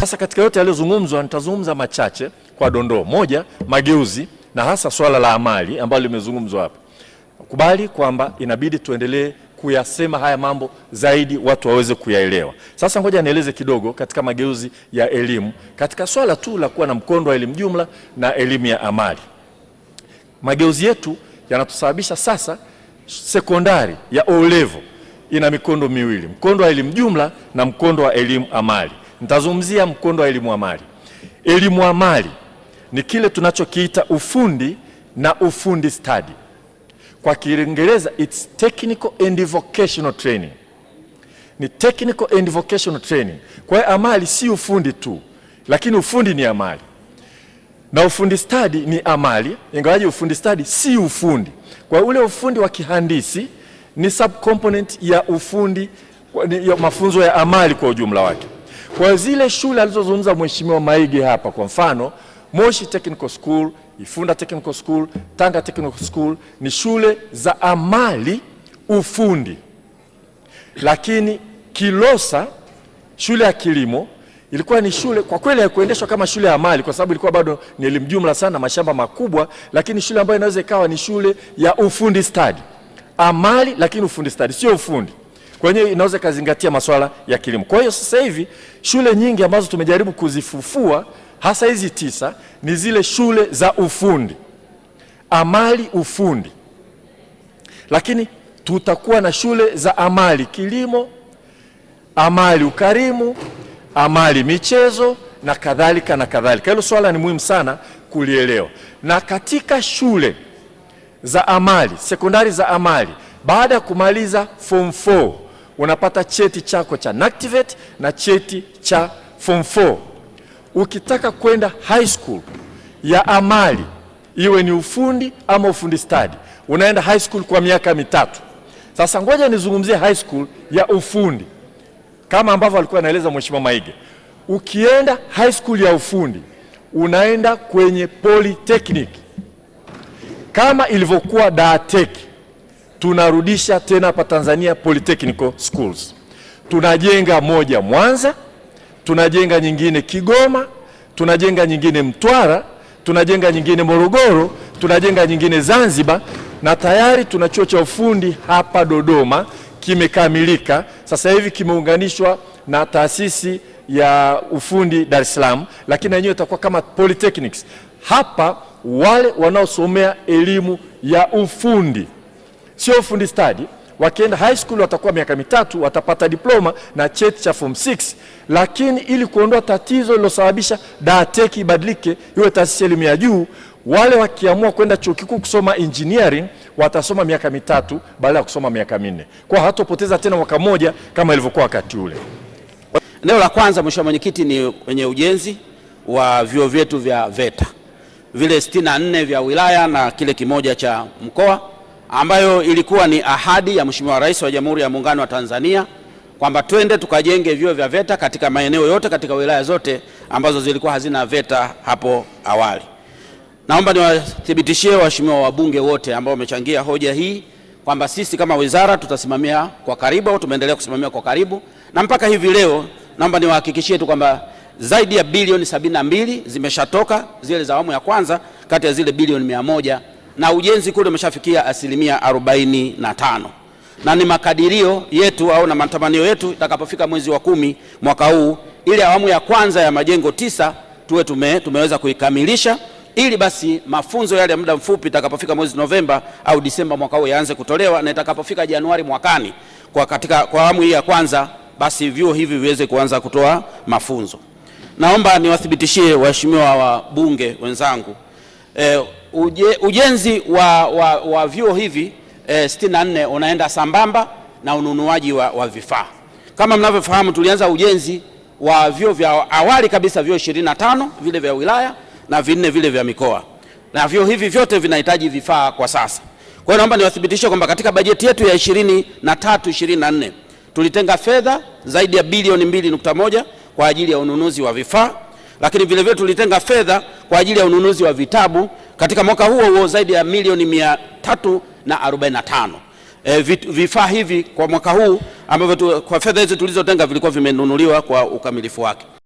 Sasa katika yote yaliyozungumzwa, nitazungumza machache kwa dondoo. Moja, mageuzi na hasa swala la amali ambalo limezungumzwa hapa. Kubali kwamba inabidi tuendelee kuyasema haya mambo zaidi watu waweze kuyaelewa. Sasa ngoja nieleze kidogo katika mageuzi ya elimu, katika swala tu la kuwa na mkondo wa elimu jumla na elimu ya amali. Mageuzi yetu yanatusababisha sasa sekondari ya O level ina mikondo miwili, mkondo wa elimu jumla na mkondo wa elimu amali. Nitazungumzia mkondo wa elimu amali. Elimu amali ni kile tunachokiita ufundi na ufundi stadi, kwa Kiingereza it's technical and vocational training. Ni technical and vocational training. Kwa hiyo amali si ufundi tu, lakini ufundi ni amali na ufundi stadi ni amali, ingawaje ufundi stadi si ufundi. Kwa ule ufundi wa kihandisi ni subcomponent ya ufundi ya mafunzo ya amali kwa ujumla wake. Kwa zile shule alizozungumza Mheshimiwa Maige hapa, kwa mfano Moshi Technical School, Ifunda Technical School, Tanga Technical School ni shule za amali ufundi, lakini Kilosa shule ya kilimo ilikuwa ni shule kwa kweli haikuendeshwa kama shule ya amali, kwa sababu ilikuwa bado ni elimu jumla sana, mashamba makubwa, lakini shule ambayo inaweza ikawa ni shule ya ufundi stadi, amali lakini ufundi stadi, sio ufundi kwenyewe inaweza ikazingatia masuala ya kilimo. Kwa hiyo sasa hivi shule nyingi ambazo tumejaribu kuzifufua hasa hizi tisa ni zile shule za ufundi, amali ufundi, lakini tutakuwa na shule za amali kilimo, amali ukarimu, amali michezo na kadhalika na kadhalika. Hilo swala ni muhimu sana kulielewa. Na katika shule za amali sekondari za amali, baada ya kumaliza form 4 unapata cheti chako cha NACTVET na cheti cha form 4. Ukitaka kwenda high school ya amali, iwe ni ufundi ama ufundi stadi, unaenda high school kwa miaka mitatu. Sasa ngoja nizungumzie high school ya ufundi kama ambavyo alikuwa anaeleza Mheshimiwa Maige. Ukienda high school ya ufundi unaenda kwenye polytechnic kama ilivyokuwa Daateki tunarudisha tena hapa Tanzania Polytechnical Schools. Tunajenga moja Mwanza, tunajenga nyingine Kigoma, tunajenga nyingine Mtwara, tunajenga nyingine Morogoro, tunajenga nyingine Zanzibar na tayari tuna chuo cha ufundi hapa Dodoma kimekamilika, sasa hivi kimeunganishwa na taasisi ya ufundi Dar es Salaam, lakini yenyewe itakuwa kama polytechnics. Hapa wale wanaosomea elimu ya ufundi sio ufundi stadi. Wakienda high school watakuwa miaka mitatu, watapata diploma na cheti cha form 6. Lakini ili kuondoa tatizo lilosababisha dateki ibadilike iwe taasisi elimu ya juu, wale wakiamua kwenda chuo kikuu kusoma engineering watasoma miaka mitatu baada ya kusoma miaka minne, kwa hatopoteza tena mwaka mmoja kama ilivyokuwa wakati ule. Eneo la kwanza, mweshimua Mwenyekiti, ni kwenye ujenzi wa vyuo vyetu vya VETA vile 64 vya wilaya na kile kimoja cha mkoa ambayo ilikuwa ni ahadi ya Mheshimiwa Rais wa Jamhuri ya Muungano wa Tanzania kwamba twende tukajenge vyuo vya VETA katika maeneo yote katika wilaya zote ambazo zilikuwa hazina VETA hapo awali. Naomba niwathibitishie waheshimiwa wabunge wote ambao wamechangia hoja hii kwamba sisi kama wizara tutasimamia kwa karibu au tumeendelea kusimamia kwa karibu, na mpaka hivi leo naomba niwahakikishie tu kwamba zaidi ya bilioni sabini na mbili zimeshatoka zile za awamu ya kwanza kati ya zile bilioni mia moja na ujenzi kule umeshafikia asilimia arobaini na tano na ni makadirio yetu au na matamanio yetu itakapofika mwezi wa kumi mwaka huu ile awamu ya kwanza ya majengo tisa tuwe tume, tumeweza kuikamilisha ili basi mafunzo yale ya muda mfupi itakapofika mwezi Novemba au Disemba mwaka huu yaanze kutolewa na itakapofika Januari mwakani kwa katika kwa awamu hii ya kwanza basi vyuo hivi viweze kuanza kutoa mafunzo. Naomba niwathibitishie waheshimiwa wabunge wenzangu eh, uje, ujenzi wa, wa, wa vyuo hivi eh, e, 64 unaenda sambamba na ununuaji wa, wa vifaa. Kama mnavyofahamu, tulianza ujenzi wa vyuo vya awali kabisa, vyuo 25 vile vya wilaya na vinne vile vya mikoa, na vyuo hivi vyote vinahitaji vifaa kwa sasa. Kwa hiyo naomba niwathibitishe kwamba katika bajeti yetu ya 23 24 tulitenga fedha zaidi ya bilioni 2.1 kwa ajili ya ununuzi wa vifaa, lakini vilevile tulitenga fedha kwa ajili ya ununuzi wa vitabu katika mwaka huo huo zaidi ya milioni mia tatu na arobaini tano e, vifaa hivi kwa mwaka huu ambavyo kwa fedha hizi tulizotenga vilikuwa vimenunuliwa kwa ukamilifu wake.